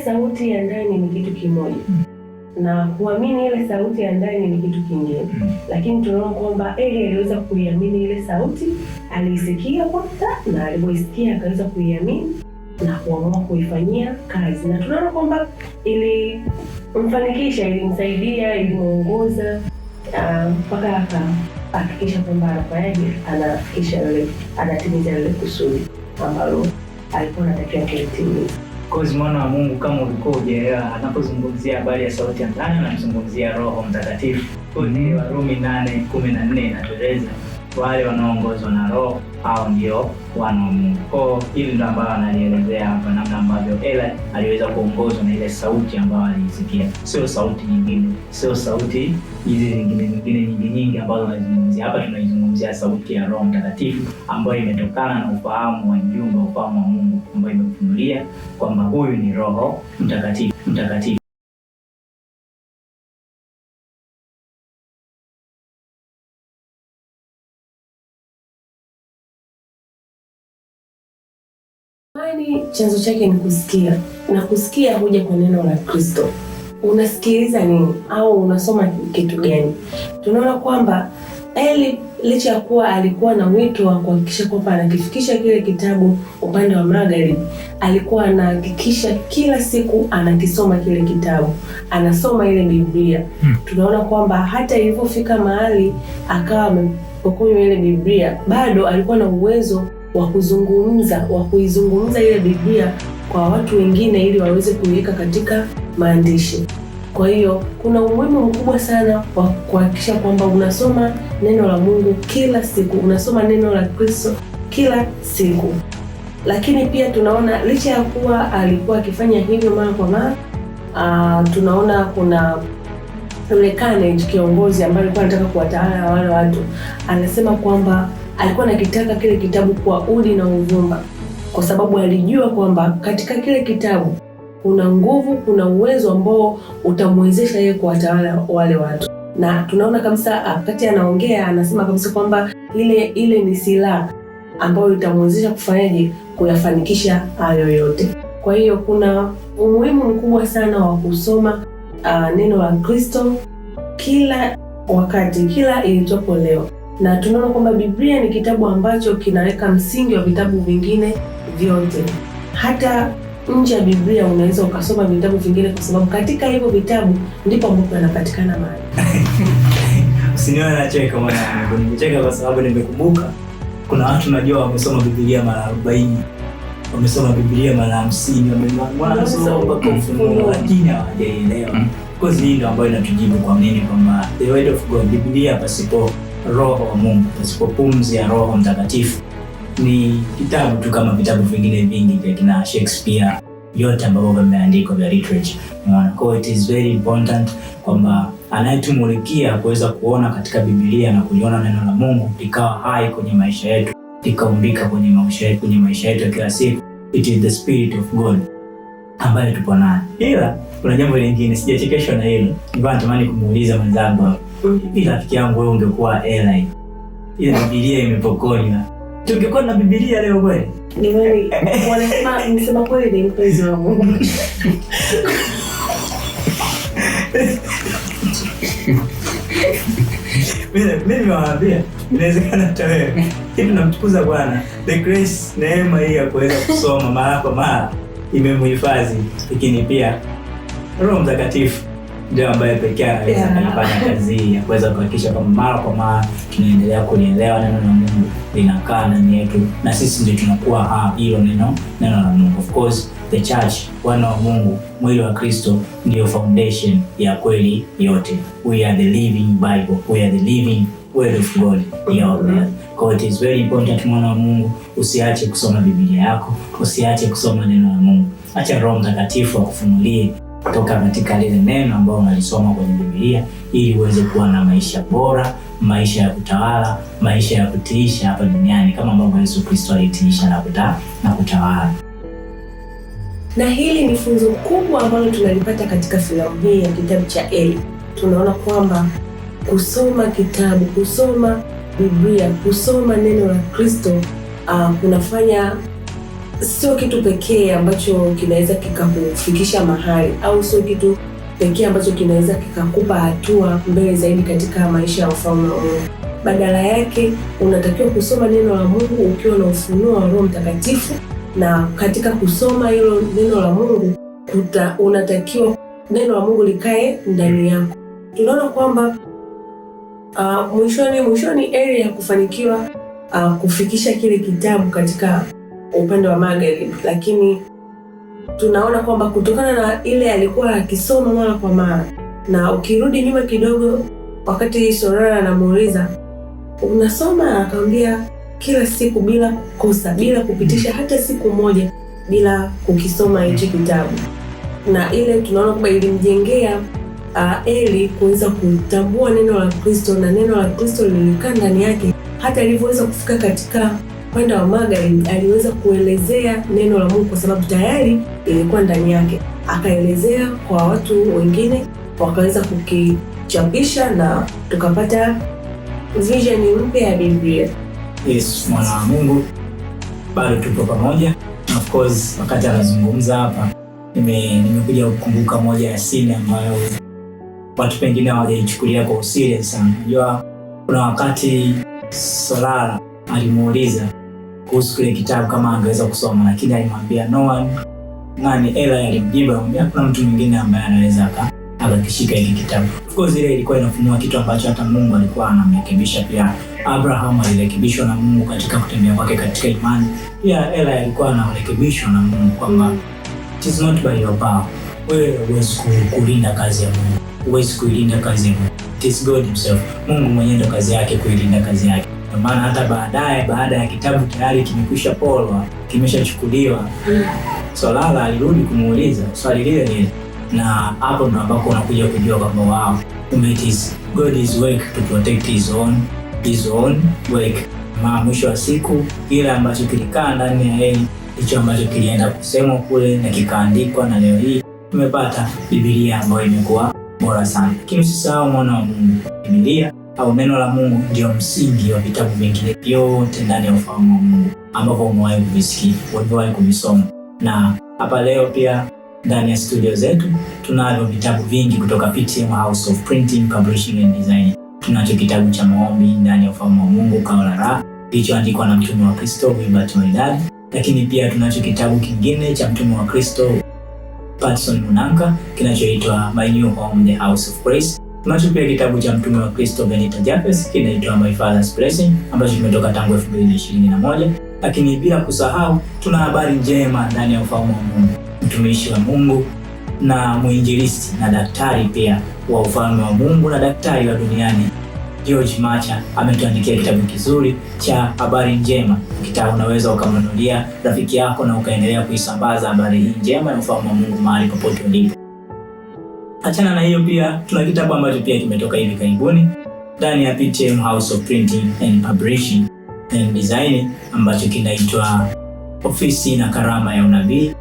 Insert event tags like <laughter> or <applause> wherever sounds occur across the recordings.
sauti ya ndani ni kitu kimoja mm. na kuamini ile sauti ya ndani ni kitu kingine mm. Lakini tunaona kwamba Eli aliweza kuiamini ile sauti, aliisikia kwanza, na alipoisikia akaweza kuiamini na kuamua kuifanyia kazi, na tunaona kwamba ilimfanikisha, ilimsaidia, ilimwongoza ah, mpaka uh, akahakikisha kwamba anafanyaje, anafikisha lile, anatimiza lile kusudi ambalo alikuwa anatakiwa kulitimiza. Kozi mwana wa Mungu, kama ulikuwa hujaelewa, anapozungumzia habari ya sauti ya ndani anamzungumzia Roho Mtakatifu. Warumi nane kumi na nne inatueleza wale wanaoongozwa na Roho hao ndio wana Mungu. Kwa hivi ndio ambayo analielezea hapa, namna ambavyo Ela aliweza kuongozwa na ile sauti ambayo aliisikia, sio sauti nyingine, sio sauti hizi zingine nyingine nyingi nyingi ambazo anazungumzia hapa. Tunaizungumzia sauti ya Roho Mtakatifu ambayo imetokana na ufahamu wa jumbe, ufahamu wa Mungu ambayo imefunulia kwamba huyu ni Roho Mtakatifu mtakatifu Imani chanzo chake ni kusikia, na kusikia huja kwa neno la Kristo. Unasikiliza nini au unasoma kitu gani? Tunaona kwamba Eli licha ya kuwa alikuwa na wito wa kuhakikisha kwamba anakifikisha kile kitabu upande wa magharibi, alikuwa anahakikisha kila siku anakisoma kile kitabu, anasoma ile Biblia hmm. Tunaona kwamba hata ilivyofika mahali akawa amepokonywa ile Biblia, bado alikuwa na uwezo wa kuzungumza wa kuizungumza ile Biblia kwa watu wengine ili waweze kuiweka katika maandishi. Kwa hiyo kuna umuhimu mkubwa sana wa kuhakikisha kwamba unasoma neno la Mungu kila siku, unasoma neno la Kristo kila siku. Lakini pia tunaona licha ya kuwa alikuwa akifanya hivyo mara kwa mara, uh, tunaona kuna yule Carnegie kiongozi ambaye alikuwa anataka kuwatawala wale watu, anasema kwamba alikuwa anakitaka kile kitabu kwa udi na uvumba, kwa sababu alijua kwamba katika kile kitabu kuna nguvu, kuna uwezo ambao utamwezesha yeye kuwatawala wale watu. Na tunaona kabisa ah, wakati anaongea anasema kabisa kwamba ile ile ni silaha ambayo itamwezesha kufanyaje, kuyafanikisha hayo yote. Kwa hiyo kuna umuhimu mkubwa sana wa kusoma uh, neno la Kristo kila wakati, kila ilitwapo leo na tunaona kwamba Biblia ni kitabu ambacho kinaweka msingi wa vitabu vingine vyote. Hata nje ya Biblia unaweza ukasoma vitabu vingine, kwa sababu katika hivyo vitabu ndipo ambapo yanapatikana maana. <laughs> Usinione nacheka mwanangu, nimecheka kwa sababu nimekumbuka kuna watu najua wamesoma Biblia mara arobaini wamesoma Biblia mara hamsini wamesoma mpaka Ufunuo, lakini hawajaelewa. Mm. Kozi hii ndio ambayo inatujibu kwa nini kwamba the word of God, Biblia pasipo roho wa Mungu, pasipo pumzi ya Roho Mtakatifu. Ni kitabu tu kama vitabu vingine vingi vya kina Shakespeare vyote ambavyo vimeandikwa vya literature. So it is very important kwamba anayetumulikia kuweza kuona katika Biblia na kuliona neno la Mungu likawa hai kwenye maisha yetu, likaumbika kwenye maisha yetu, kwenye maisha yetu ya kila siku. It is the spirit of God ambayo tupo naye. Ila kuna jambo lingine sijachekeshwa na hilo, nilikuwa natamani kumuuliza mwenzangu Ila rafiki yangu wewe ungekuwa airline. Ile Biblia imepokonywa. Tungekuwa na Biblia leo kweli. Ni wewe. Wanasema nimesema kweli ni mpenzi wa Mungu. Mimi mimi nawaambia inawezekana hata wewe. Hivi namtukuza Bwana. The grace neema hii ya kuweza kusoma mara kwa mara imemhifadhi, lakini pia Roho Mtakatifu ndio ambayo pekee anaweza kulifanya kazi ya kuweza kuhakikisha kwamba mara kwa mara tunaendelea kulielewa neno la Mungu linakaa ndani yetu na sisi ndio tunakuwa hilo neno neno la Mungu. Of course the church, wana wa Mungu, mwili wa Kristo ndio foundation ya kweli yote. We are the living Bible, we are the living word of God Kwa it is very important mwana wa Mungu, usiache kusoma Biblia yako, usiache kusoma neno la Mungu, acha Roho Mtakatifu akufunulie kutoka katika lile neno ambayo unalisoma kwenye Biblia ili uweze kuwa na maisha bora, maisha ya kutawala, maisha ya kutiisha hapa duniani kama ambavyo Yesu Kristo alitiisha na, kuta, na kutawala. Na hili ni funzo kubwa ambalo tunalipata katika filamu hii ya kitabu cha Eli. Tunaona kwamba kusoma kitabu, kusoma Biblia, kusoma neno la Kristo uh, kunafanya sio kitu pekee ambacho kinaweza kikakufikisha mahali au sio kitu pekee ambacho kinaweza kikakupa hatua mbele zaidi katika maisha ya ufalme wa Mungu. Badala yake unatakiwa kusoma neno la Mungu ukiwa na ufunuo wa Roho Mtakatifu, na katika kusoma hilo neno la Mungu kuta, unatakiwa neno la Mungu likae ndani yako. Tunaona kwamba uh, mwishoni mwishoni, eli ya kufanikiwa uh, kufikisha kile kitabu katika upande wa magharibi, lakini tunaona kwamba kutokana na ile alikuwa akisoma mara kwa mara, na ukirudi nyuma kidogo, wakati Sorara anamuuliza unasoma, akamwambia kila siku bila kukosa, bila kupitisha hata siku moja bila kukisoma hichi kitabu, na ile tunaona kwamba ilimjengea uh, Eli kuweza kutambua neno la Kristo na neno la Kristo lilikaa ndani yake hata alivyoweza kufika katika kwenda wa Magharibi aliweza kuelezea neno la Mungu kwa sababu tayari ilikuwa ndani yake, akaelezea kwa watu wengine, wakaweza kukichapisha na tukapata vision mpya ya Biblia. Yes, mwana wa Mungu, bado tupo pamoja. Of course wakati anazungumza hapa, nimekuja nime kukumbuka moja ya sini ambayo watu pengine hawajaichukulia kwa usiri sana. Unajua kuna wakati swala alimuuliza kuhusu kile kitabu kama angeweza kusoma, lakini alimwambia no one nani. Ela alimjibu akamwambia kuna mtu mwingine ambaye anaweza akakishika hiki kitabu. Of course ile ilikuwa inafunua kitu ambacho hata Mungu alikuwa anamrekebisha pia. Abraham alirekebishwa na Mungu katika kutembea kwake katika imani, pia Ela alikuwa anarekebishwa na Mungu kwamba it is not by your power, wewe huwezi kulinda kazi ya Mungu, huwezi kuilinda kazi ya Mungu, it is God himself. Mungu mwenyewe ndo kazi yake kuilinda kazi yake. Kwa maana hata baadaye, baada ya kitabu tayari kimekwisha polwa, kimeshachukuliwa, Swalala alirudi kumuuliza swali lile lile, na hapo ndo ambapo unakuja kujua kwamba wao God is work to protect his own, his own work. Ma mwisho wa siku kile ambacho kilikaa ndani ya yeye hicho ambacho kilienda kusemwa kule na kikaandikwa, na leo hii tumepata Biblia ambayo imekuwa bora sana. Lakini usisahau mwana wa Mungu, Biblia au neno la Mungu ndio msingi wa vitabu vingine vyote ndani ya ufahamu wa Mungu ambavyo umewahi kuvisikia, umewahi kuvisoma. Na hapa leo pia ndani ya studio zetu tunavyo vitabu vingi kutoka PTM House of Printing, Publishing and Design. Tunacho kitabu cha maombi ndani ya ufahamu wa Mungu Kao la Raha kilichoandikwa na mtume wa Kristo Wilbert Maridadi, lakini pia tunacho kitabu kingine cha mtume wa Kristo Patson Munanga kinachoitwa My New Home, The House of Grace Tunacho pia kitabu cha mtume wa Kristo Benita Japes kinaitwa My Father's Blessing ambacho kimetoka tangu 2021, lakini bila kusahau tuna habari njema ndani ya ufalme wa Mungu, mtumishi wa Mungu na mwinjilisti na daktari pia wa ufalme wa Mungu na daktari wa duniani George Macha ametuandikia kitabu kizuri cha habari njema. Kitabu unaweza ukamnunulia rafiki yako na ukaendelea kuisambaza habari hii njema ya ufalme wa Mungu mahali popote ulipo. Achana na hiyo, pia tuna kitabu ambacho pia kimetoka hivi karibuni ndani ya PTM House of Printing and Publishing and Design ambacho kinaitwa Ofisi na Karama ya Unabii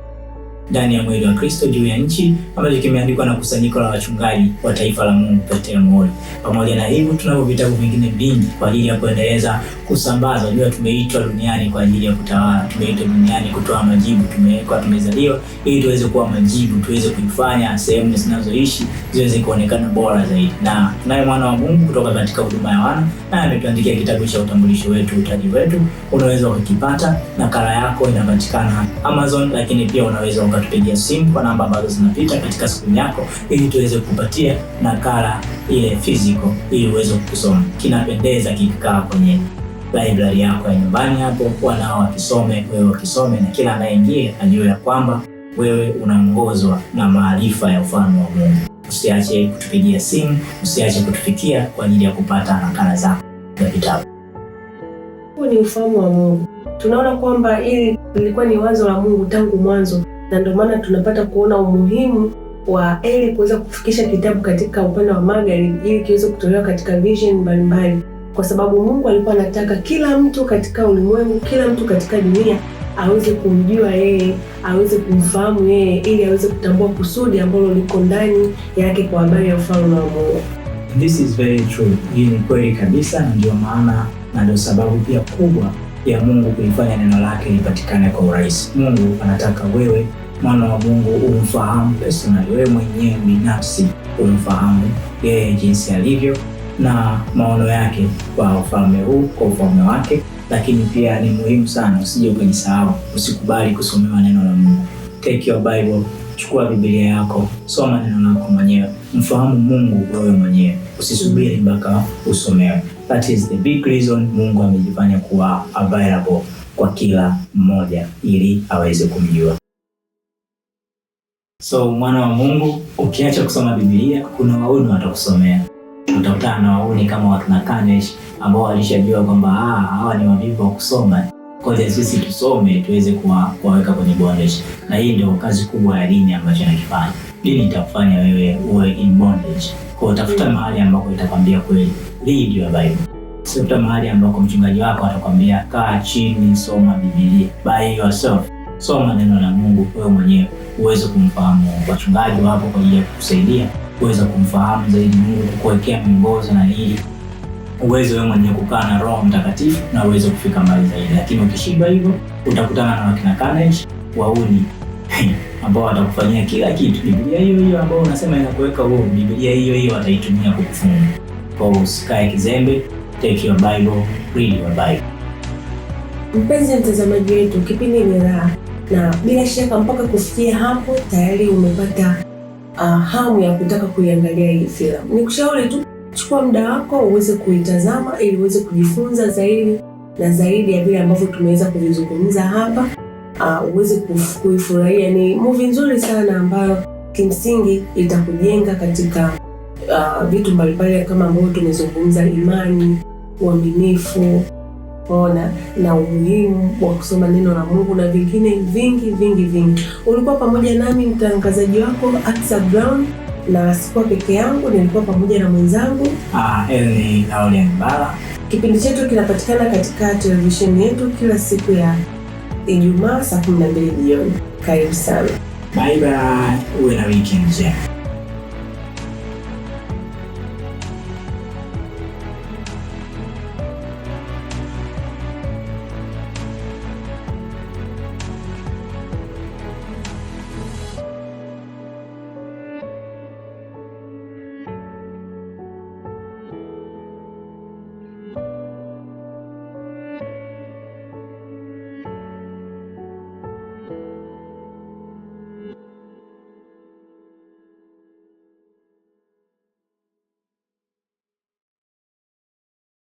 ndani ya mwili wa Kristo juu ya nchi ambacho kimeandikwa na kusanyiko la wachungaji wa taifa la Mungu PTMOL. Pamoja na hivyo, tunavyo vitabu vingine vingi kwa ajili ya kuendeleza kusambaza. Jua tumeitwa duniani kwa ajili ya kutawala, tumeitwa duniani kutoa majibu, tumewekwa, tumezaliwa ili tuweze kuwa majibu, tuweze kuifanya sehemu zinazoishi ziweze kuonekana bora zaidi. Na tunaye mwana wa Mungu kutoka katika huduma ya wana, na ametuandikia kitabu cha utambulisho wetu, utaji wetu, unaweza ukakipata. Nakala yako inapatikana Amazon, lakini pia unaweza ukatupigia simu kwa namba ambazo zinapita katika simu yako, ili tuweze kupatia nakala ile physical, ili uweze kusoma. Kinapendeza kikikaa kwenye library yako ya nyumbani hapo, kuwa nao wakisome, wewe wakisome, na kila anayeingia ajue ya kwamba wewe unaongozwa na maarifa ya ufalme wa Mungu. Usiache kutupigia simu, usiache kutufikia kwa ajili ya kupata nakala zako za vitabu. Huu ni ufahamu wa Mungu. Tunaona kwamba hili lilikuwa ni wazo la Mungu tangu mwanzo, na ndio maana tunapata kuona umuhimu wa Eli kuweza kufikisha kitabu katika upande wa magharibi ili kiweze kutolewa katika vision mbalimbali, kwa sababu Mungu alikuwa anataka kila mtu katika ulimwengu, kila mtu katika dunia aweze kumjua yeye, aweze kumfahamu yeye, ili aweze kutambua kusudi ambalo liko ndani yake kwa habari ya ufalme wa Mungu. This is very true. Hii ni kweli kabisa, na ndio maana na ndio sababu pia kubwa ya Mungu kulifanya neno lake lipatikane kwa urahisi. Mungu anataka wewe mwana wa Mungu umfahamu personally, wewe mwenyewe binafsi umfahamu yeye jinsi alivyo na maono yake kwa ufalme huu, kwa ufalme wake. Lakini pia ni muhimu sana usije ukajisahau, usikubali kusomewa neno la Mungu. Take your Bible, chukua Biblia yako, soma neno lako mwenyewe, mfahamu Mungu wewe mwenyewe, usisubiri mpaka usomewe. That is the big reason Mungu amejifanya kuwa available kwa kila mmoja ili aweze kumjua. So mwana wa Mungu, ukiacha kusoma Biblia, kuna wauni watakusomea. Utakutana na wauni kama wakina Kanesh ambao walishajua kwamba ah, hawa ni wavivu wa kusoma, ngoja sisi tusome tuweze kuwaweka kwenye bondage. Na hii ndio kazi kubwa ya dini ambacho inakifanya. Dini itakufanya wewe uwe in bondage, kwa utafuta mahali ambako itakwambia kweli hii ndiyo Bible. Sio mahali ambako mchungaji wako atakwambia kaa chini, soma Biblia. By yourself, soma neno la Mungu wewe mwenyewe uweze kumfahamu Wachungaji wako kwa ajili ya kukusaidia uweze kumfahamu zaidi Mungu, kukuwekea miongozo na hili uweze wewe mwenyewe kukaa na Roho Mtakatifu na uweze kufika mbali zaidi. Lakini ukishiba hivyo, utakutana na wakina Carnage, wauni <laughs> ambao watakufanyia kila kitu. Biblia hiyo hiyo ambayo unasema inakuweka huo, Biblia hiyo hiyo wataitumia kukufunga. Kwa usikae kizembe, take your Bible, read your Bible. Mpenzi mtazamaji wetu, kipindi ni Raha, na bila shaka mpaka kufikia hapo tayari umepata uh, hamu ya kutaka kuiangalia hii filamu. Nikushauri tu chukua muda wako uweze kuitazama ili uweze kujifunza zaidi na zaidi ya vile ambavyo tumeweza kuvizungumza hapa, uh, uweze kuifurahia. Ni movie nzuri sana ambayo kimsingi itakujenga katika uh, vitu mbalimbali kama ambavyo tumezungumza, imani, uaminifu ona na umuhimu wa kusoma neno la Mungu na vingine vingi vingi vingi. Ulikuwa pamoja nami mtangazaji wako Atsa Brown, na sikuwa peke yangu, nilikuwa pamoja na mwenzangu ah, Kipindi chetu kinapatikana katika televisheni yetu kila siku ya Ijumaa saa 12 jioni. Karibu sana, bye bye, uwe na wiki njema.